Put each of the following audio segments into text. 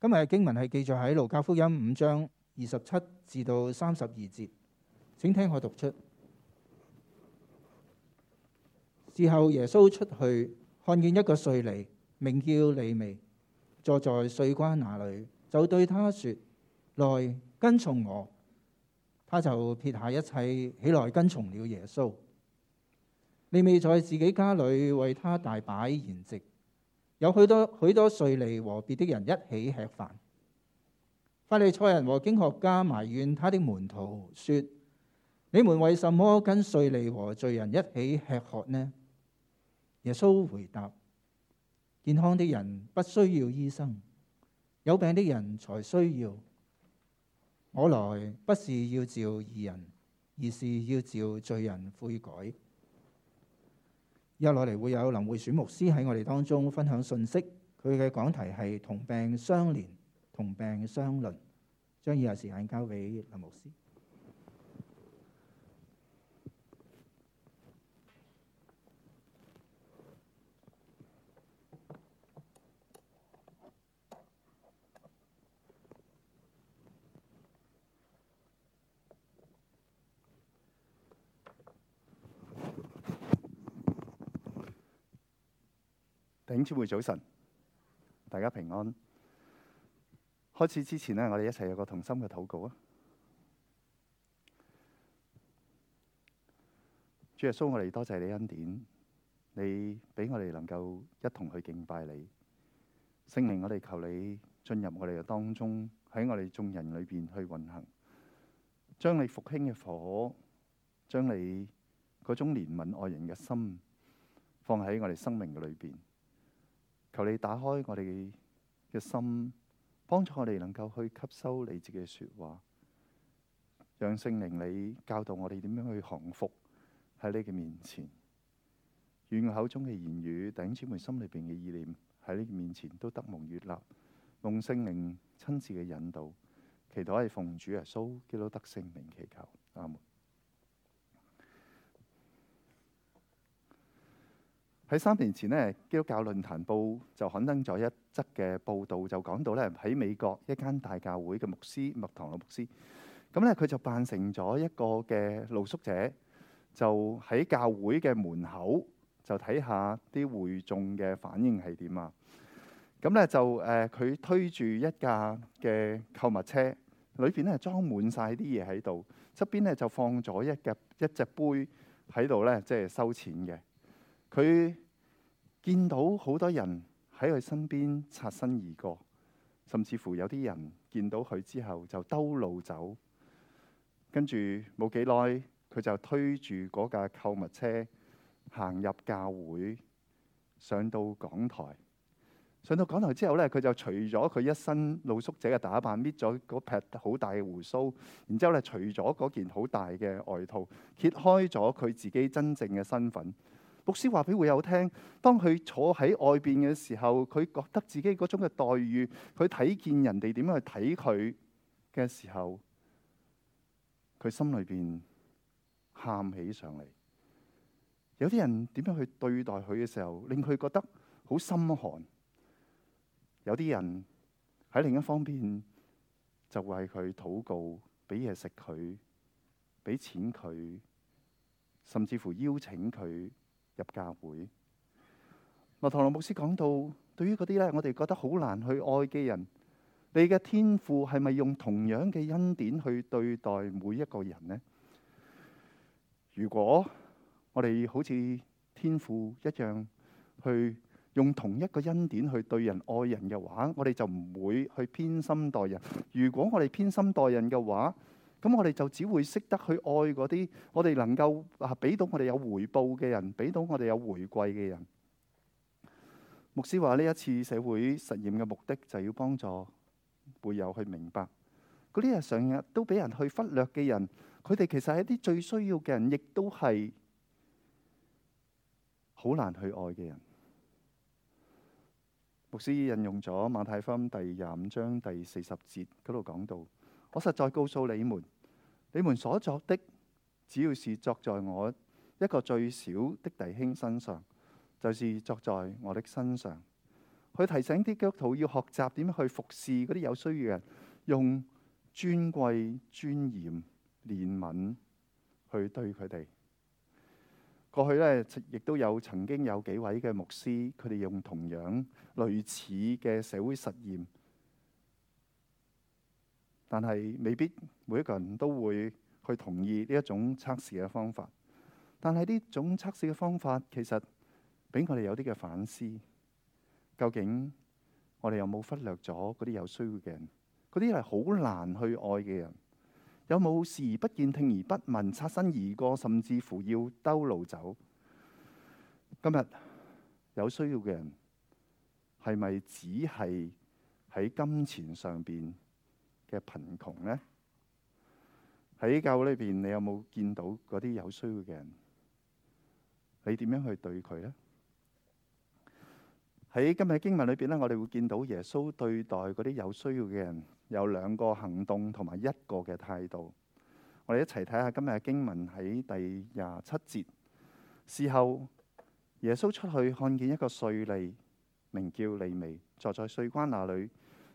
今日嘅經文係記載喺《路加福音》五章二十七至到三十二節，請聽我讀出。事後耶穌出去，看見一個稅吏，名叫利未，坐在稅關那裏，就對他説：來跟從我。他就撇下一切，起來跟從了耶穌。利未在自己家裏為他大擺筵席。有許多許多稅吏和別的人一起吃飯。法利賽人和經學家埋怨他的門徒說：你們為什麼跟稅吏和罪人一起吃喝呢？耶穌回答：健康的人不需要醫生，有病的人才需要。我來不是要召義人，而是要召罪人悔改。一落嚟會有林慧選牧師喺我哋當中分享信息，佢嘅講題係同病相連、同病相鄰。將以下時間交俾林牧師。弟兄姊妹，早晨，大家平安。開始之前咧，我哋一齊有個同心嘅禱告啊！主耶穌，我哋多謝你恩典，你俾我哋能夠一同去敬拜你。聖靈，我哋求你進入我哋嘅當中，喺我哋眾人裏邊去運行，將你復興嘅火，將你嗰種憐憫愛人嘅心放喺我哋生命嘅裏邊。求你打開我哋嘅心，幫助我哋能夠去吸收你自己嘅說話，讓聖靈你教導我哋點樣去降服喺你嘅面前。願口中嘅言語，頂尖們心裏邊嘅意念，喺你的面前都得蒙悅納，蒙聖靈親自嘅引導。祈禱係奉主耶穌、so, 基督得聖靈，祈求阿門。喺三年前咧，基督教論壇報就刊登咗一則嘅報導，就講到咧喺美國一間大教會嘅牧師，牧堂嘅牧師，咁咧佢就扮成咗一個嘅露宿者，就喺教會嘅門口就睇下啲會眾嘅反應係點啊。咁咧就誒佢推住一架嘅購物車，裏邊咧裝滿曬啲嘢喺度，側邊咧就放咗一隻一隻杯喺度咧，即係收錢嘅。佢見到好多人喺佢身邊擦身而過，甚至乎有啲人見到佢之後就兜路走。跟住冇幾耐，佢就推住嗰架購物車行入教會，上到講台。上到講台之後呢，佢就除咗佢一身露宿者嘅打扮，搣咗嗰撇好大嘅鬍鬚，然之後咧，除咗嗰件好大嘅外套，揭開咗佢自己真正嘅身份。牧師話俾會友聽，當佢坐喺外邊嘅時候，佢覺得自己嗰種嘅待遇，佢睇見人哋點樣去睇佢嘅時候，佢心裏邊喊起上嚟。有啲人點樣去對待佢嘅時候，令佢覺得好心寒。有啲人喺另一方面就為佢禱告，俾嘢食佢，俾錢佢，甚至乎邀請佢。入教會，嗱，唐羅牧師講到，對於嗰啲咧，我哋覺得好難去愛嘅人，你嘅天父係咪用同樣嘅恩典去對待每一個人呢？如果我哋好似天父一樣，去用同一個恩典去對人愛人嘅話，我哋就唔會去偏心待人。如果我哋偏心待人嘅話，咁我哋就只會識得去愛嗰啲，我哋能夠啊俾到我哋有回報嘅人，俾到我哋有回饋嘅人。牧師話呢一次社會實驗嘅目的就係要幫助會友去明白，嗰啲人成日都俾人去忽略嘅人，佢哋其實係一啲最需要嘅人，亦都係好難去愛嘅人。牧師引用咗馬太福音第廿五章第四十節嗰度講到。我實在告訴你們，你們所作的，只要是作在我一個最小的弟兄身上，就是作在我的身上。佢提醒啲教徒要學習點樣去服侍嗰啲有需要嘅人，用尊貴、尊嚴、憐憫去對佢哋。過去呢，亦都有曾經有幾位嘅牧師，佢哋用同樣類似嘅社會實驗。但係未必每一個人都會去同意呢一種測試嘅方法。但係呢種測試嘅方法其實俾我哋有啲嘅反思，究竟我哋有冇忽略咗嗰啲有需要嘅人？嗰啲係好難去愛嘅人，有冇視而不見、聽而不聞、擦身而過，甚至乎要兜路走？今日有需要嘅人係咪只係喺金錢上面？嘅貧窮呢？喺教會裏邊，你有冇見到嗰啲有需要嘅人？你點樣去對佢呢？喺今日經文裏邊呢，我哋會見到耶穌對待嗰啲有需要嘅人有兩個行動同埋一個嘅態度。我哋一齊睇下今日嘅經文喺第廿七節。事後，耶穌出去看見一個稅吏，名叫利未，坐在稅關那裏。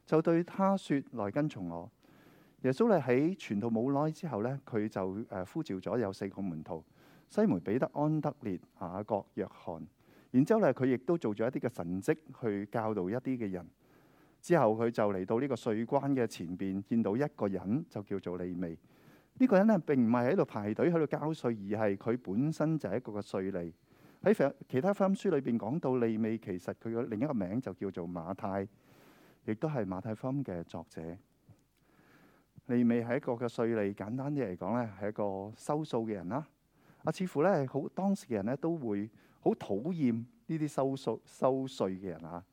就對他說：來跟從我。耶穌咧喺傳道冇耐之後呢，佢就誒呼召咗有四個門徒：西門彼得、安德烈、雅各、約翰。然之後咧，佢亦都做咗一啲嘅神蹟，去教導一啲嘅人。之後佢就嚟到呢個稅關嘅前邊，見到一個人，就叫做利未。呢、呢個人呢，並唔係喺度排隊喺度交稅，而係佢本身就係一個個稅吏。喺其他福音書裏邊講到利未，其實佢嘅另一個名就叫做馬太。亦都係馬太福音嘅作者。利未係一個嘅稅吏，簡單啲嚟講咧，係一個收數嘅人啦。啊似乎咧，好當時嘅人咧都會好討厭呢啲收數收稅嘅人啊。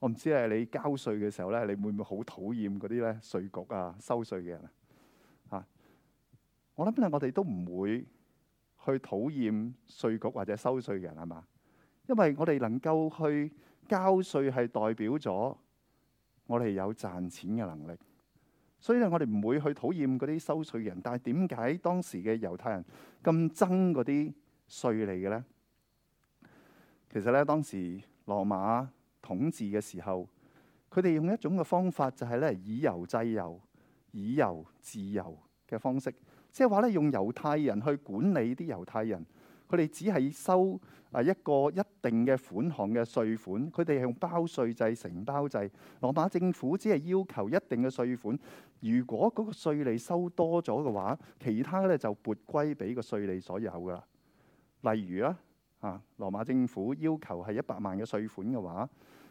我唔知係你交稅嘅時候咧，你會唔會好討厭嗰啲咧稅局啊收稅嘅人啊？啊！我諗咧，我哋都唔會去討厭稅局或者收稅嘅人係嘛？因為我哋能夠去交稅係代表咗，我哋有賺錢嘅能力，所以咧我哋唔會去討厭嗰啲收稅人。但係點解當時嘅猶太人咁憎嗰啲稅吏嘅呢？其實咧，當時羅馬統治嘅時候，佢哋用一種嘅方法就係咧以猶制猶、以猶治猶嘅方式，即係話咧用猶太人去管理啲猶太人。佢哋只係收啊一個一定嘅款項嘅稅款，佢哋係用包稅制、承包制。羅馬政府只係要求一定嘅稅款，如果嗰個稅吏收多咗嘅話，其他咧就撥歸俾個稅吏所有噶啦。例如啊，啊羅馬政府要求係一百萬嘅稅款嘅話，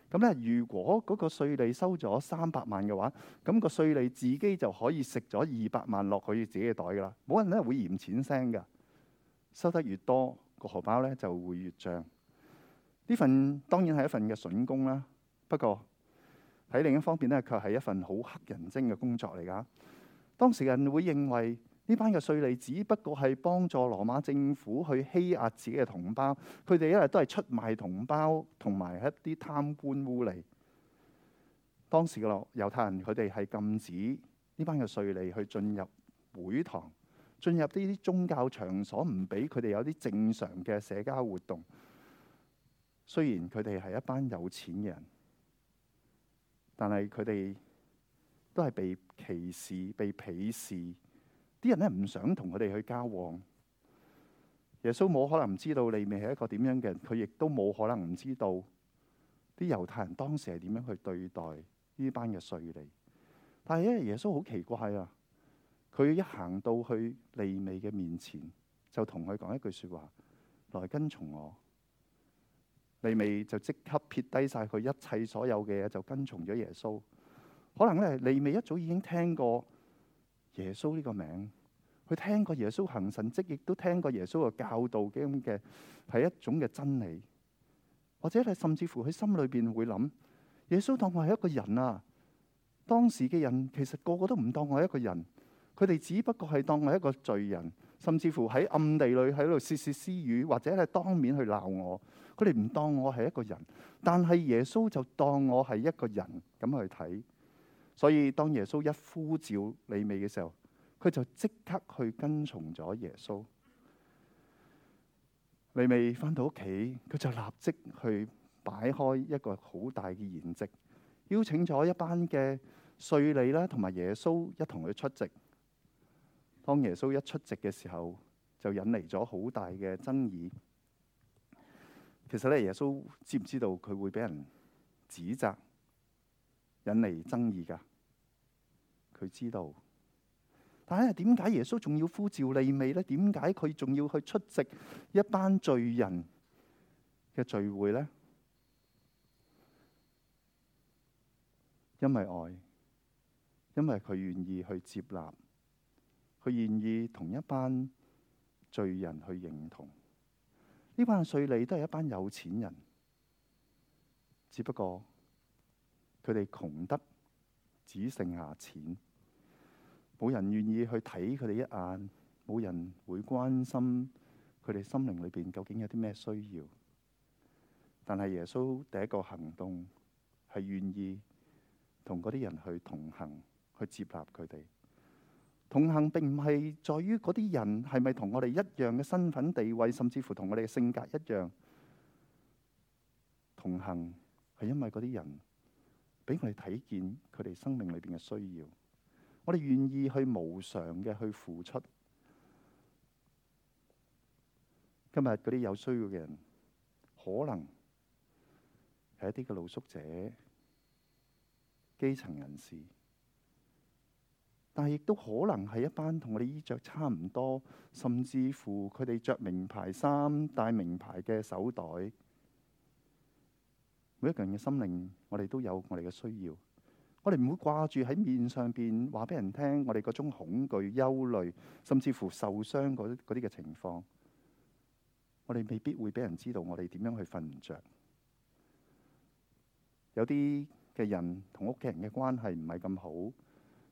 咁咧如果嗰個稅吏收咗三百萬嘅話，咁個稅吏自己就可以食咗二百萬落去自己嘅袋噶啦，冇人咧會嫌錢腥噶。收得越多，個荷包呢就會越漲。呢份當然係一份嘅筍工啦，不過喺另一方面呢，卻係一份好乞人憎嘅工作嚟噶。當時人會認為呢班嘅稅吏只不過係幫助羅馬政府去欺壓自己嘅同胞，佢哋一日都係出賣同胞同埋一啲貪官污吏。當時嘅羅猶太人佢哋係禁止呢班嘅稅吏去進入會堂。進入呢啲宗教場所，唔俾佢哋有啲正常嘅社交活動。雖然佢哋係一班有錢嘅人，但係佢哋都係被歧視、被鄙視，啲人咧唔想同佢哋去交往。耶穌冇可能唔知道利未係一個點樣嘅人，佢亦都冇可能唔知道啲猶太人當時係點樣去對待呢班嘅稅吏。但係咧，耶穌好奇怪啊！佢一行到去利未嘅面前，就同佢講一句說話，來跟從我。利未就即刻撇低晒佢一切所有嘅嘢，就跟從咗耶穌。可能咧，利未一早已經聽過耶穌呢個名，佢聽過耶穌行神迹，亦都聽過耶穌嘅教導嘅咁嘅係一種嘅真理，或者咧，甚至乎佢心裏邊會諗：耶穌當我係一個人啊，當時嘅人其實個個都唔當我係一個人。佢哋只不過係當我是一個罪人，甚至乎喺暗地裏喺度竊竊私語，或者係當面去鬧我。佢哋唔當我係一個人，但係耶穌就當我係一個人咁去睇。所以當耶穌一呼召李美嘅時候，佢就即刻去跟從咗耶穌。李美翻到屋企，佢就立即去擺開一個好大嘅筵席，邀請咗一班嘅稅吏啦，同埋耶穌一同去出席。當耶穌一出席嘅時候，就引嚟咗好大嘅爭議。其實咧，耶穌知唔知道佢會俾人指責、引嚟爭議噶？佢知道。但係點解耶穌仲要呼召利未呢？點解佢仲要去出席一班罪人嘅聚會呢？因為愛，因為佢願意去接納。佢願意同一班罪人去認同，呢班稅吏都係一班有錢人，只不過佢哋窮得只剩下錢，冇人願意去睇佢哋一眼，冇人會關心佢哋心靈裏邊究竟有啲咩需要。但係耶穌第一個行動係願意同嗰啲人去同行，去接納佢哋。同行並唔係在於嗰啲人係咪同我哋一樣嘅身份地位，甚至乎同我哋嘅性格一樣。同行係因為嗰啲人俾我哋睇見佢哋生命裏邊嘅需要，我哋願意去無償嘅去付出。今日嗰啲有需要嘅人，可能係一啲嘅露宿者、基層人士。但係亦都可能係一班同我哋衣着差唔多，甚至乎佢哋着名牌衫、戴名牌嘅手袋。每一個人嘅心靈，我哋都有我哋嘅需要。我哋唔會掛住喺面上邊話俾人聽，我哋嗰種恐懼、憂慮，甚至乎受傷嗰啲嘅情況。我哋未必會俾人知道我哋點樣去瞓唔着。有啲嘅人同屋企人嘅關係唔係咁好。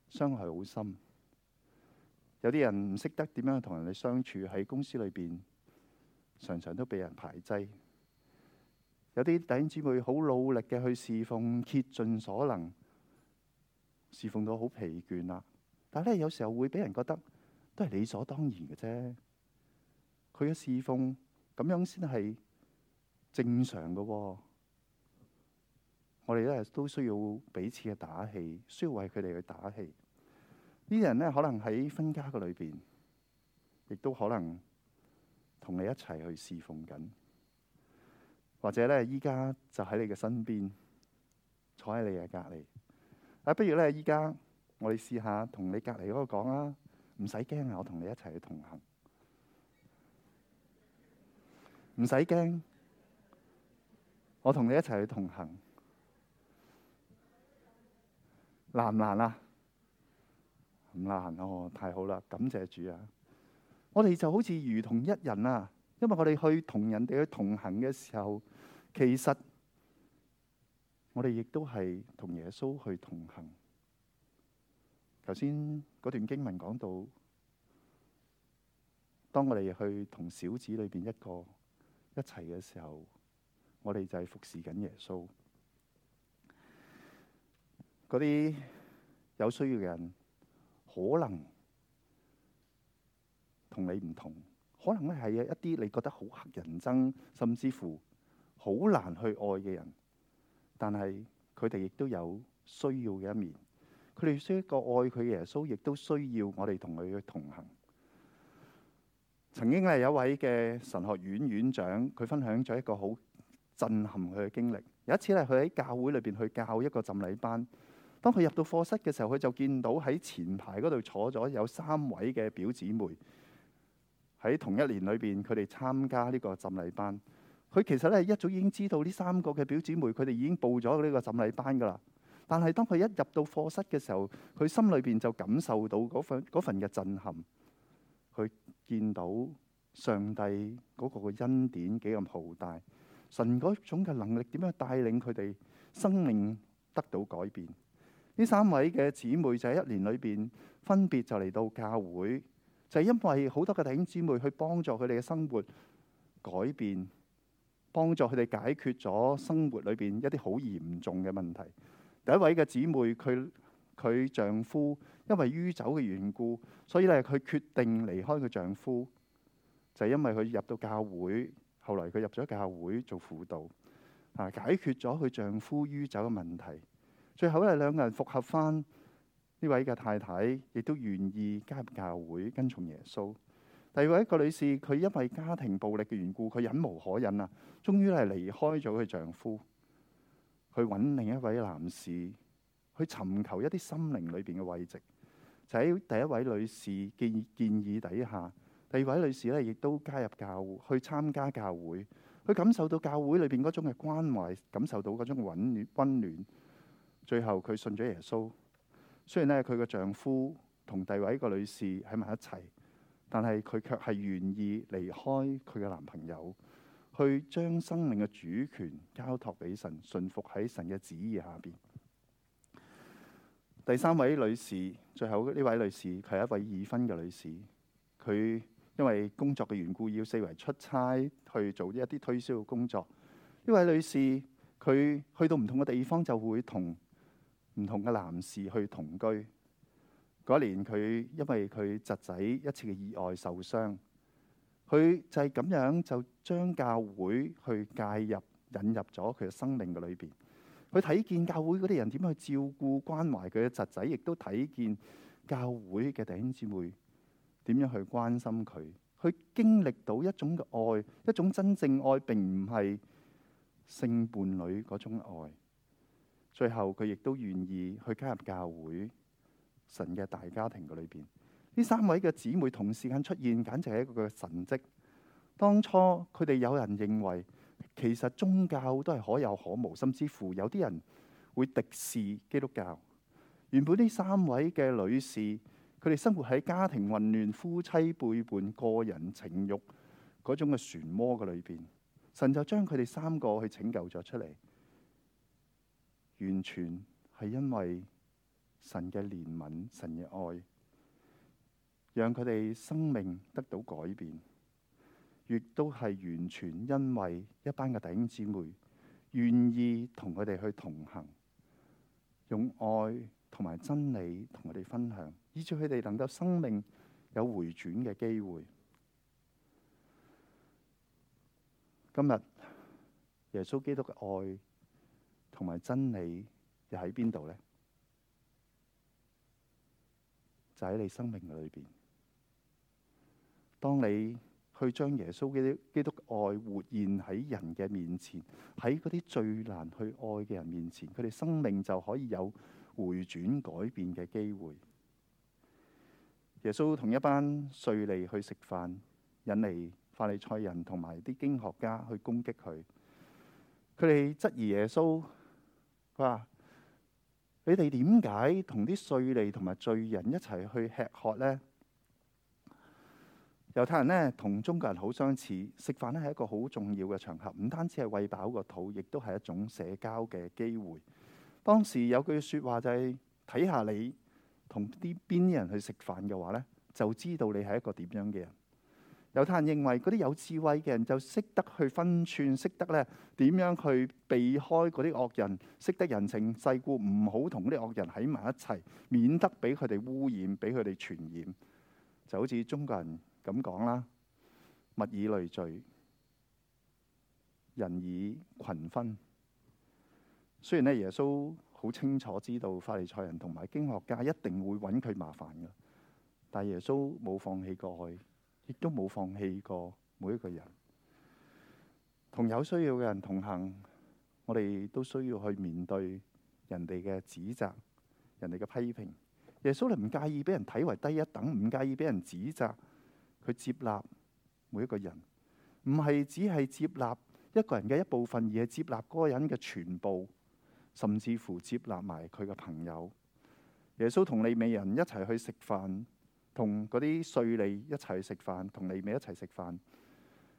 傷害好深，有啲人唔識得點樣同人哋相處，喺公司裏邊常常都俾人排擠。有啲弟兄姊妹好努力嘅去侍奉，竭盡所能侍奉到好疲倦啦，但係呢，有時候會俾人覺得都係理所當然嘅啫。佢嘅侍奉咁樣先係正常嘅喎。我哋咧都需要彼此嘅打氣，需要為佢哋去打氣。這些呢啲人咧可能喺分家嘅裏邊，亦都可能同你一齊去侍奉緊，或者咧依家就喺你嘅身邊，坐喺你嘅隔離。啊，不如咧依家我哋試下同你隔離嗰個講啦，唔使驚啊，我同你一齊去同行，唔使驚，我同你一齊去同行。難唔難啊？唔難哦，太好啦！感謝主啊！我哋就好似如同一人啊，因為我哋去同人哋去同行嘅時候，其實我哋亦都係同耶穌去同行。頭先嗰段經文講到，當我哋去同小子裡面一個一齊嘅時候，我哋就係服侍緊耶穌。嗰啲有需要嘅人，可能同你唔同，可能咧係一啲你覺得好乞人憎，甚至乎好難去愛嘅人。但係佢哋亦都有需要嘅一面，佢哋需要一個愛佢耶穌，亦都需要我哋同佢同行。曾經係有一位嘅神學院院長，佢分享咗一個好震撼佢嘅經歷。有一次咧，佢喺教會裏邊去教一個浸禮班。當佢入到課室嘅時候，佢就見到喺前排嗰度坐咗有三位嘅表姊妹喺同一年裏邊，佢哋參加呢個浸禮班。佢其實咧一早已經知道呢三個嘅表姊妹，佢哋已經報咗呢個浸禮班㗎喇。但係當佢一入到課室嘅時候，佢心裏邊就感受到嗰份嗰份嘅震撼。佢見到上帝嗰個恩典幾咁浩大，神嗰種嘅能力點樣帶領佢哋生命得到改變。呢三位嘅姊妹就喺一年裏邊，分別就嚟到教會，就係因為好多嘅弟兄姊妹去幫助佢哋嘅生活改變，幫助佢哋解決咗生活裏邊一啲好嚴重嘅問題。第一位嘅姊妹，佢佢丈夫因為酗酒嘅緣故，所以咧佢決定離開佢丈夫，就係因為佢入到教會，後來佢入咗教會做輔導，啊，解決咗佢丈夫酗酒嘅問題。最後咧，兩個人復合翻，呢位嘅太太，亦都願意加入教會跟從耶穌。第二位一個女士，佢因為家庭暴力嘅緣故，佢忍無可忍啊，終於咧係離開咗佢丈夫，去揾另一位男士，去尋求一啲心靈裏邊嘅慰藉。就喺第一位女士建建議底下，第二位女士咧亦都加入教會，去參加教會，去感受到教會裏邊嗰種嘅關懷，感受到嗰種温暖温暖。最後佢信咗耶穌，雖然呢，佢嘅丈夫同第二位個女士喺埋一齊，但係佢卻係願意離開佢嘅男朋友，去將生命嘅主權交託俾神，順服喺神嘅旨意下面。第三位女士，最後呢位女士佢係一位已婚嘅女士，佢因為工作嘅緣故要四圍出差去做一啲推銷嘅工作。呢位女士佢去到唔同嘅地方就會同唔同嘅男士去同居，嗰年佢因為佢侄仔一次嘅意外受傷，佢就係咁樣就將教會去介入、引入咗佢嘅生命嘅裏邊。佢睇見教會嗰啲人點去照顧關懷佢嘅侄仔，亦都睇見教會嘅弟兄姊妹點樣去關心佢，佢經歷到一種嘅愛，一種真正愛，並唔係性伴侶嗰種愛。最後佢亦都願意去加入教會，神嘅大家庭裏邊。呢三位嘅姊妹同時間出現，簡直係一個神蹟。當初佢哋有人認為，其實宗教都係可有可無，甚至乎有啲人會敵視基督教。原本呢三位嘅女士，佢哋生活喺家庭混亂、夫妻背叛、個人情慾嗰種嘅漩渦嘅裏邊，神就將佢哋三個去拯救咗出嚟。完全係因為神嘅憐憫、神嘅愛，讓佢哋生命得到改變；亦都係完全因為一班嘅弟兄姊妹願意同佢哋去同行，用愛同埋真理同佢哋分享，以至佢哋能夠生命有回轉嘅機會。今日耶穌基督嘅愛。同埋真理又喺邊度呢？就喺你生命裏邊。當你去將耶穌基督，基督愛活現喺人嘅面前，喺嗰啲最難去愛嘅人面前，佢哋生命就可以有回轉改變嘅機會。耶穌同一班稅吏去食飯，引嚟法利賽人同埋啲經學家去攻擊佢，佢哋質疑耶穌。哇、啊！你哋點解同啲稅吏同埋罪人一齊去吃喝呢？猶太人呢，同中國人好相似，食飯呢係一個好重要嘅場合，唔單止係喂飽個肚，亦都係一種社交嘅機會。當時有句說話就係：睇下你同啲邊啲人去食飯嘅話呢，就知道你係一個點樣嘅人。有啲人認為嗰啲有智慧嘅人就識得去分寸，識得咧點樣去避開嗰啲惡人，識得人情世故，唔好同啲惡人喺埋一齊，免得俾佢哋污染，俾佢哋傳染。就好似中國人咁講啦，物以類聚，人以群分。雖然咧，耶穌好清楚知道法利賽人同埋經學家一定會揾佢麻煩㗎，但係耶穌冇放棄過去。亦都冇放棄過每一個人，同有需要嘅人同行，我哋都需要去面對人哋嘅指責、人哋嘅批評。耶穌咧唔介意俾人睇為低一等，唔介意俾人指責，佢接納每一個人，唔係只係接納一個人嘅一部分，而係接納嗰個人嘅全部，甚至乎接納埋佢嘅朋友。耶穌同利未人一齊去食飯。同嗰啲碎利一齊去食飯，同利未一齊食飯，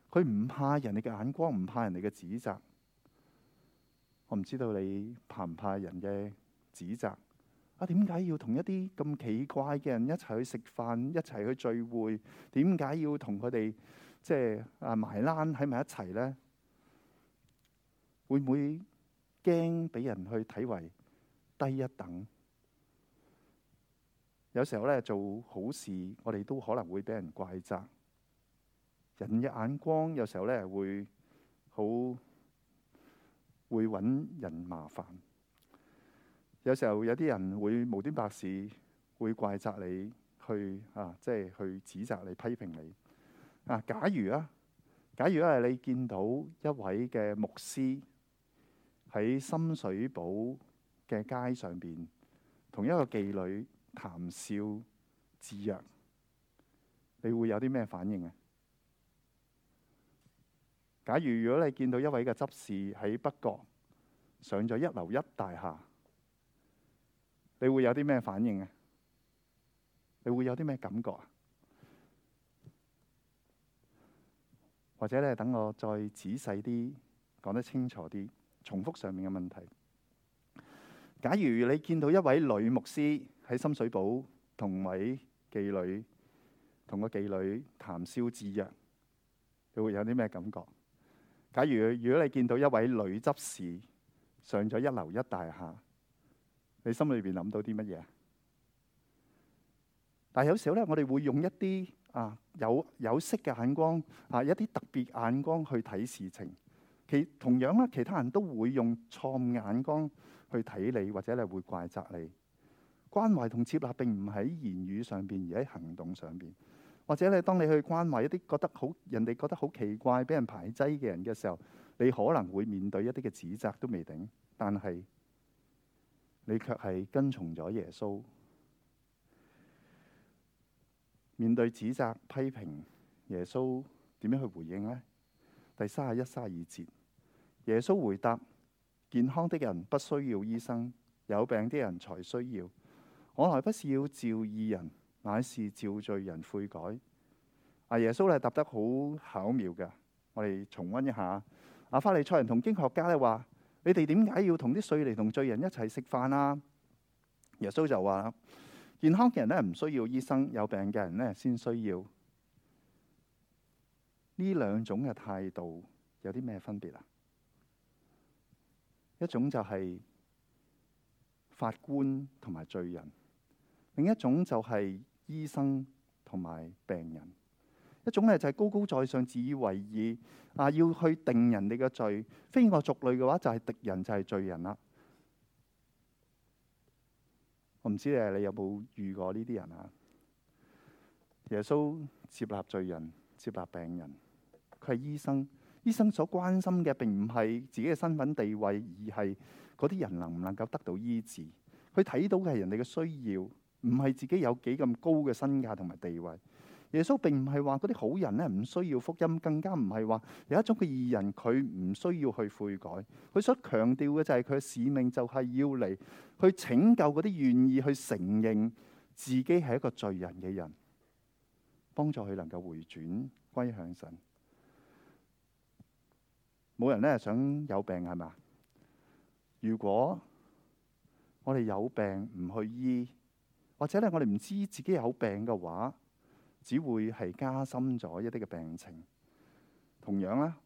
佢唔怕人哋嘅眼光，唔怕人哋嘅指責。我唔知道你怕唔怕人嘅指責？啊，點解要同一啲咁奇怪嘅人一齊去食飯，一齊去聚會？點解要同佢哋即係埋欄喺埋一齊呢？會唔會驚俾人去睇為低一等？有時候咧，做好事，我哋都可能會俾人怪責。人嘅眼光有時候咧會好會揾人麻煩。有時候有啲人會無端白事，會怪責你去啊，即係去指責你、批評你啊。假如啊，假如啊，你見到一位嘅牧師喺深水埗嘅街上邊，同一個妓女。談笑自若，你會有啲咩反應啊？假如如果你見到一位嘅執事喺北角上咗一樓一大廈，你會有啲咩反應啊？你會有啲咩感覺啊？或者咧，等我再仔細啲講得清楚啲，重複上面嘅問題。假如你見到一位女牧師。喺深水埗同位妓女，同個妓女談笑自若，你會有啲咩感覺？假如如果你見到一位女執事上咗一樓一大廈，你心裏邊諗到啲乜嘢？但係有時候咧，我哋會用一啲啊有有色嘅眼光啊，一啲特別眼光去睇事情。其同樣啦，其他人都會用錯誤眼光去睇你，或者你會怪責你。關懷同接納並唔喺言語上邊，而喺行動上邊。或者你當你去關懷一啲覺得好人哋覺得好奇怪，俾人排擠嘅人嘅時候，你可能會面對一啲嘅指責都未定，但係你卻係跟從咗耶穌。面對指責批評，耶穌點樣去回應呢？第三十一、三十二節，耶穌回答：健康的人不需要醫生，有病啲人才需要。我來不是要召義人，乃是召罪人悔改。啊，耶穌咧答得好巧妙嘅。我哋重温一下。啊，法利賽人同經學家咧話：你哋點解要同啲稅吏同罪人一齊食飯啊？耶穌就話：健康嘅人咧，唔需要醫生，有病嘅人咧先需要。呢兩種嘅態度有啲咩分別啊？一種就係法官同埋罪人。另一種就係醫生同埋病人，一種呢，就係高高在上、自以為義啊，要去定人哋嘅罪。非我族類嘅話，就係敵人，就係罪人啦。我唔知你有冇遇過呢啲人啊？耶穌接納罪人，接納病人，佢係醫生。醫生所關心嘅並唔係自己嘅身份地位，而係嗰啲人能唔能夠得到醫治。佢睇到嘅係人哋嘅需要。唔係自己有幾咁高嘅身價同埋地位，耶穌並唔係話嗰啲好人呢唔需要福音，更加唔係話有一種嘅義人佢唔需要去悔改。佢所強調嘅就係佢嘅使命就係要嚟去拯救嗰啲願意去承認自己係一個罪人嘅人，幫助佢能夠回轉歸向神。冇人呢想有病係咪？如果我哋有病唔去醫？或者咧，我哋唔知自己有病嘅話，只會係加深咗一啲嘅病情。同樣啦，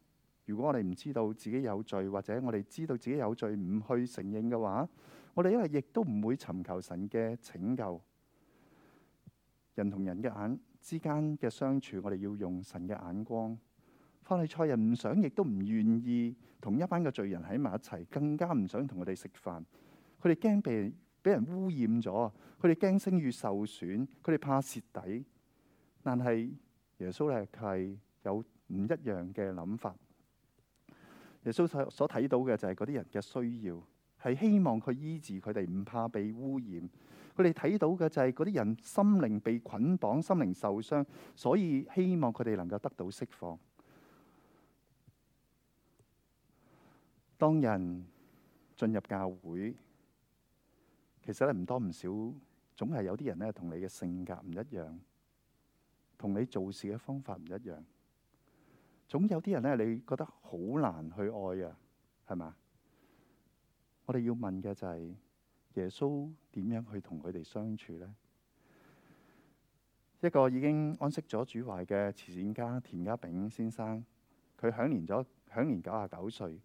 如果我哋唔知道自己有罪，或者我哋知道自己有罪唔去承認嘅話，我哋因為亦都唔會尋求神嘅拯救。人同人嘅眼之間嘅相處，我哋要用神嘅眼光。法利賽人唔想，亦都唔願意同一班嘅罪人喺埋一齊，更加唔想同佢哋食飯。佢哋驚病，俾人污染咗，佢哋驚聲譽受損，佢哋怕蝕底。但係耶穌咧係有唔一樣嘅諗法。耶穌所睇到嘅就係嗰啲人嘅需要，係希望佢醫治佢哋，唔怕被污染。佢哋睇到嘅就係嗰啲人心靈被捆綁、心靈受傷，所以希望佢哋能夠得到釋放。當人進入教會，其實呢唔多唔少，總係有啲人呢同你嘅性格唔一樣，同你做事嘅方法唔一樣。總有啲人呢，你覺得好難去愛啊，係嘛？我哋要問嘅就係耶穌點樣去同佢哋相處呢？一個已經安息咗主懷嘅慈善家田家炳先生，佢享年咗享年九十九歲。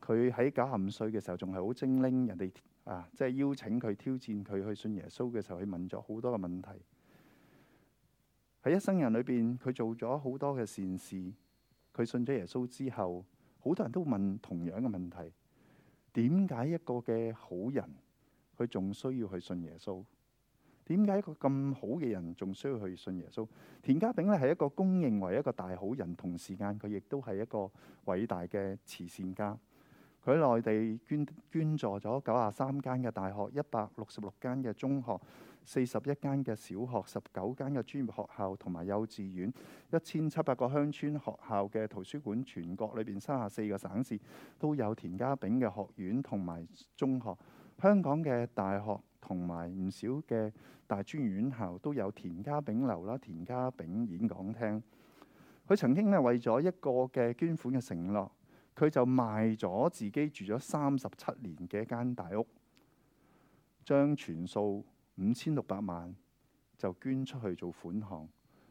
佢喺九十五歲嘅時候仲係好精靈，人哋。啊！即係邀請佢挑戰佢去信耶穌嘅時候，佢問咗好多嘅問題。喺一生人裏邊，佢做咗好多嘅善事。佢信咗耶穌之後，好多人都問同樣嘅問題：點解一個嘅好人，佢仲需要去信耶穌？點解一個咁好嘅人，仲需要去信耶穌？田家炳咧，係一個公認為一個大好人，同時間佢亦都係一個偉大嘅慈善家。佢內地捐捐助咗九十三間嘅大學、一百六十六間嘅中學、四十一間嘅小學、十九間嘅專業學校同埋幼稚園、一千七百個鄉村學校嘅圖書館，全國裏面三十四個省市都有田家炳嘅學院同埋中學。香港嘅大學同埋唔少嘅大專院校都有田家炳樓啦、田家炳演講廳。佢曾經呢為咗一個嘅捐款嘅承諾。佢就賣咗自己住咗三十七年嘅一間大屋，將全數五千六百萬就捐出去做款項，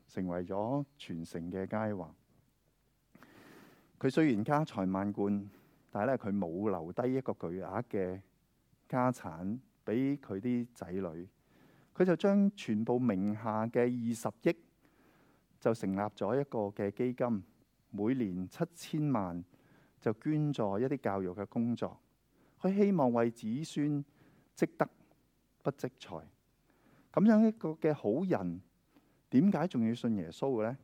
成為咗全城嘅佳話。佢雖然家財萬貫，但係咧佢冇留低一個巨額嘅家產俾佢啲仔女，佢就將全部名下嘅二十億就成立咗一個嘅基金，每年七千萬。就捐助一啲教育嘅工作，佢希望為子孫積德不積財。咁樣一個嘅好人，點解仲要信耶穌嘅咧？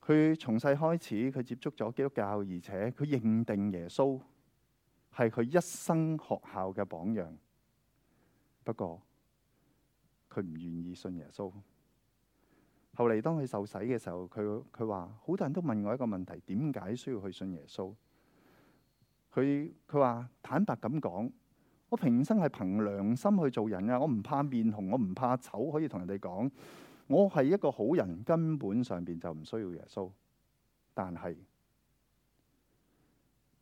佢從細開始，佢接觸咗基督教，而且佢認定耶穌係佢一生學校嘅榜樣。不過，佢唔願意信耶穌。後嚟當佢受洗嘅時候，佢，佢話好多人都問我一個問題：點解需要去信耶穌？佢，佢話坦白咁講，我平生係憑良心去做人啊！我唔怕面紅，我唔怕醜，可以同人哋講，我係一個好人，根本上邊就唔需要耶穌。但係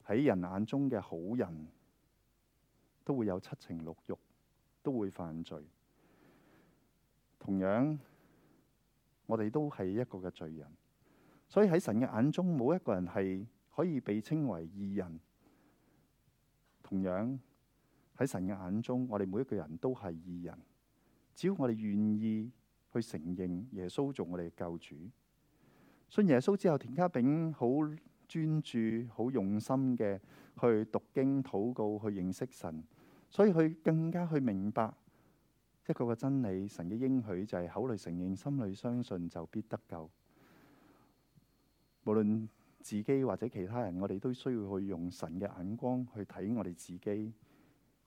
喺人眼中嘅好人，都會有七情六慾，都會犯罪。同樣。我哋都係一個嘅罪人，所以喺神嘅眼中冇一個人係可以被稱為義人。同樣喺神嘅眼中，我哋每一個人都係義人。只要我哋願意去承認耶穌做我哋嘅救主，信耶穌之後，田家炳好專注、好用心嘅去讀經、禱告、去認識神，所以佢更加去明白。一個個真理，神嘅應許就係口裏承認，心裏相信，就必得救。無論自己或者其他人，我哋都需要去用神嘅眼光去睇我哋自己，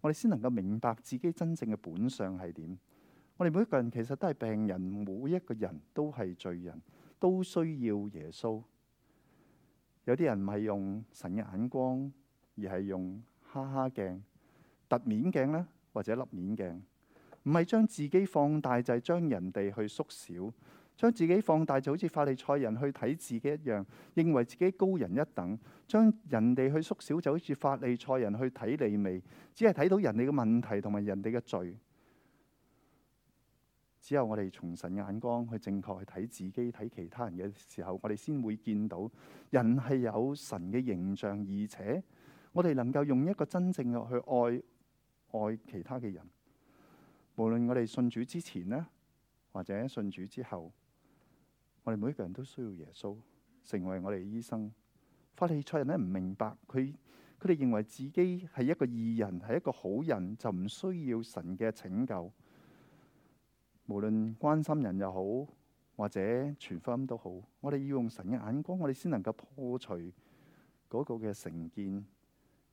我哋先能夠明白自己真正嘅本相係點。我哋每一個人其實都係病人，每一個人都係罪人，都需要耶穌。有啲人唔係用神嘅眼光，而係用哈哈鏡、凸面鏡呢，或者凹面鏡。唔係將自己放大，就係將人哋去縮小；將自己放大，就好似法利賽人去睇自己一樣，認為自己高人一等；將人哋去縮小，就好似法利賽人去睇利未，只係睇到人哋嘅問題同埋人哋嘅罪。只有我哋從神眼光去正確去睇自己、睇其他人嘅時候，我哋先會見到人係有神嘅形象，而且我哋能夠用一個真正嘅去愛愛其他嘅人。無論我哋信主之前咧，或者信主之後，我哋每一個人都需要耶穌成為我哋醫生。法利賽人咧唔明白，佢佢哋認為自己係一個義人，係一個好人，就唔需要神嘅拯救。無論關心人又好，或者傳福音都好，我哋要用神嘅眼光，我哋先能夠破除嗰個嘅成見，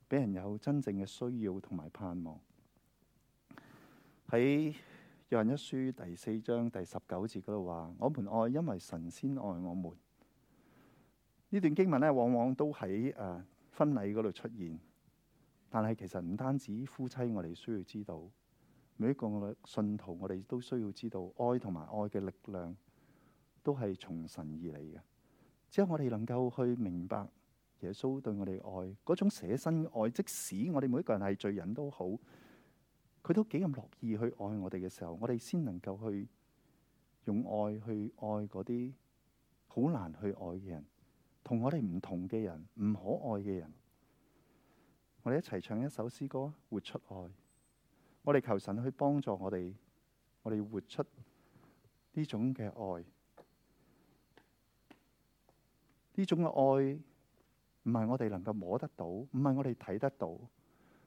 俾人有真正嘅需要同埋盼望。喺約翰一書第四章第十九節嗰度話，我們愛，因為神先愛我們。呢段經文呢往往都喺誒婚禮嗰度出現。但係其實唔單止夫妻，我哋需要知道，每一個信徒，我哋都需要知道愛同埋愛嘅力量，都係從神而嚟嘅。只要我哋能夠去明白耶穌對我哋嘅愛嗰種捨身愛，即使我哋每一個人係罪人都好。佢都幾咁樂意去愛我哋嘅時候，我哋先能夠去用愛去愛嗰啲好難去愛嘅人，同我哋唔同嘅人，唔可愛嘅人，我哋一齊唱一首詩歌，活出愛。我哋求神去幫助我哋，我哋活出呢種嘅愛，呢種嘅愛唔係我哋能夠摸得到，唔係我哋睇得到。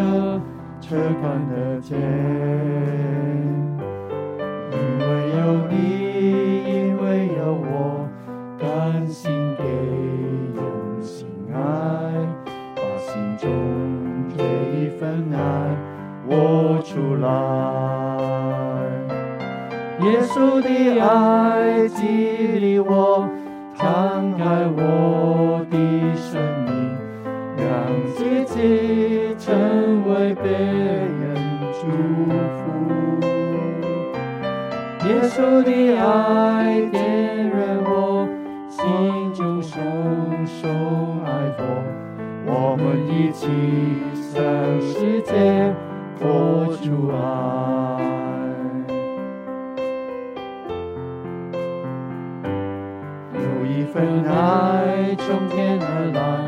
車的，卻看得見，因為有你，因為有我，甘心給，用心愛，把心中這一份愛活出來。耶穌的愛激勵我，敞開我的身。讓自己成為別人祝福。耶穌的愛點燃我心中熊熊愛火，我們一起向世界活出愛。有一份愛從天而來。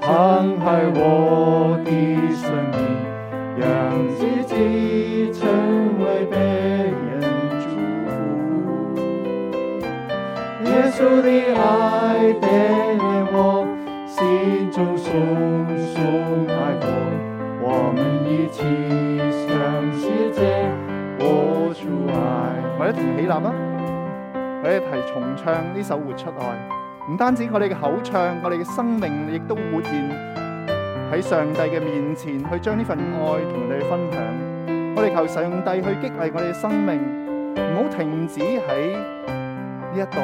敞開我的生命，讓自己成為別人祝福。耶穌的愛點燃我心中熊熊愛火，我們一起向世界活出愛你。或者同起立嗎？或者提重唱呢首活出愛。唔單止我哋嘅口唱，我哋嘅生命亦都活現喺上帝嘅面前，去將呢份愛同你分享。我哋求上帝去激勵我哋嘅生命，唔好停止喺呢一度，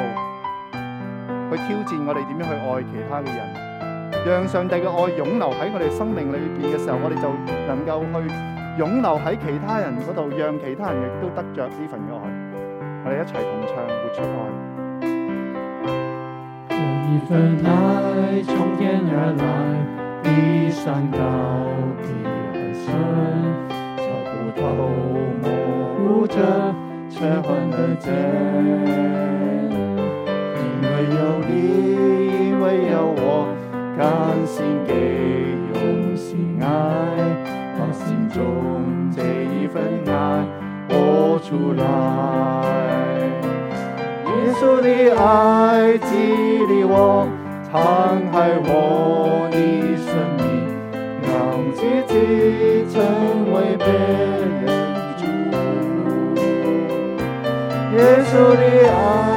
去挑戰我哋點樣去愛其他嘅人。讓上帝嘅愛湧流喺我哋生命裏邊嘅時候，我哋就能夠去湧流喺其他人嗰度，讓其他人亦都得着呢份嘅愛。我哋一齊同唱，活出愛。這一份愛從天而來，一山高一山深，腳步模糊着卻看得見。因為有你，因為有我，甘心給用心愛，把心中這一份愛活出來。耶穌的愛激勵我，敞開我的生命，讓奇蹟成為別人。主，耶穌的愛。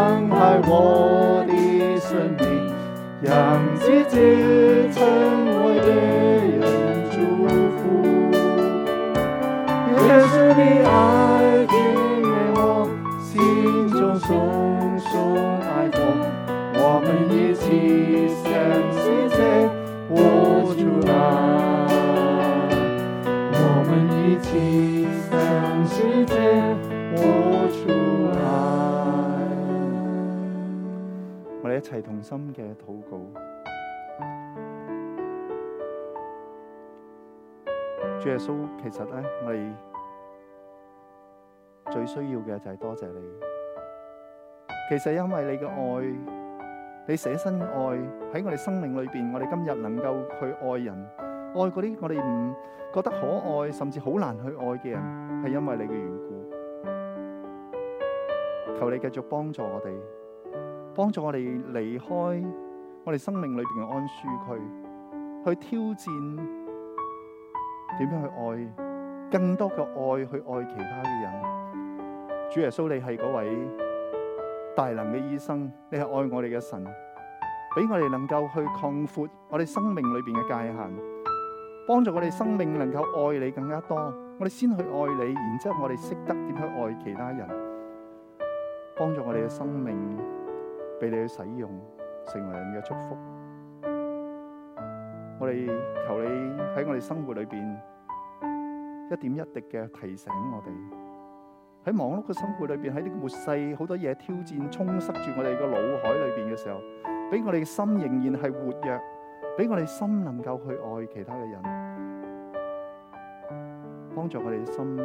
係同心嘅禱告，主耶穌，其實咧，我哋最需要嘅就係多謝你。其實因為你嘅愛，你捨身嘅愛喺我哋生命裏邊，我哋今日能夠去愛人，愛嗰啲我哋唔覺得可愛，甚至好難去愛嘅人，係因為你嘅緣故。求你繼續幫助我哋。幫助我哋離開我哋生命裏邊嘅安舒區，去挑戰點樣去愛，更多嘅愛去愛其他嘅人。主耶穌，你係嗰位大能嘅醫生，你係愛我哋嘅神，俾我哋能夠去擴闊我哋生命裏邊嘅界限，幫助我哋生命能夠愛你更加多。我哋先去愛你，然之後我哋識得點去愛其他人，幫助我哋嘅生命。俾你去使用，成為人嘅祝福。我哋求你喺我哋生活裏邊一點一滴嘅提醒我哋，喺忙碌嘅生活裏邊，喺呢個末世好多嘢挑戰充塞住我哋個腦海裏邊嘅時候，俾我哋嘅心仍然係活躍，俾我哋心能夠去愛其他嘅人，幫助我哋嘅心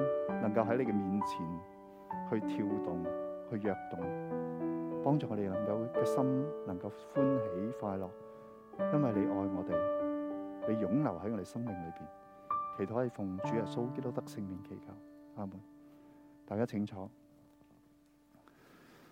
能夠喺你嘅面前去跳動，去躍動。幫助我哋能夠嘅心能夠歡喜快樂，因為你愛我哋，你永留喺我哋生命裏邊。祈禱你奉主耶穌基督得聖靈祈求，阿門。大家請坐。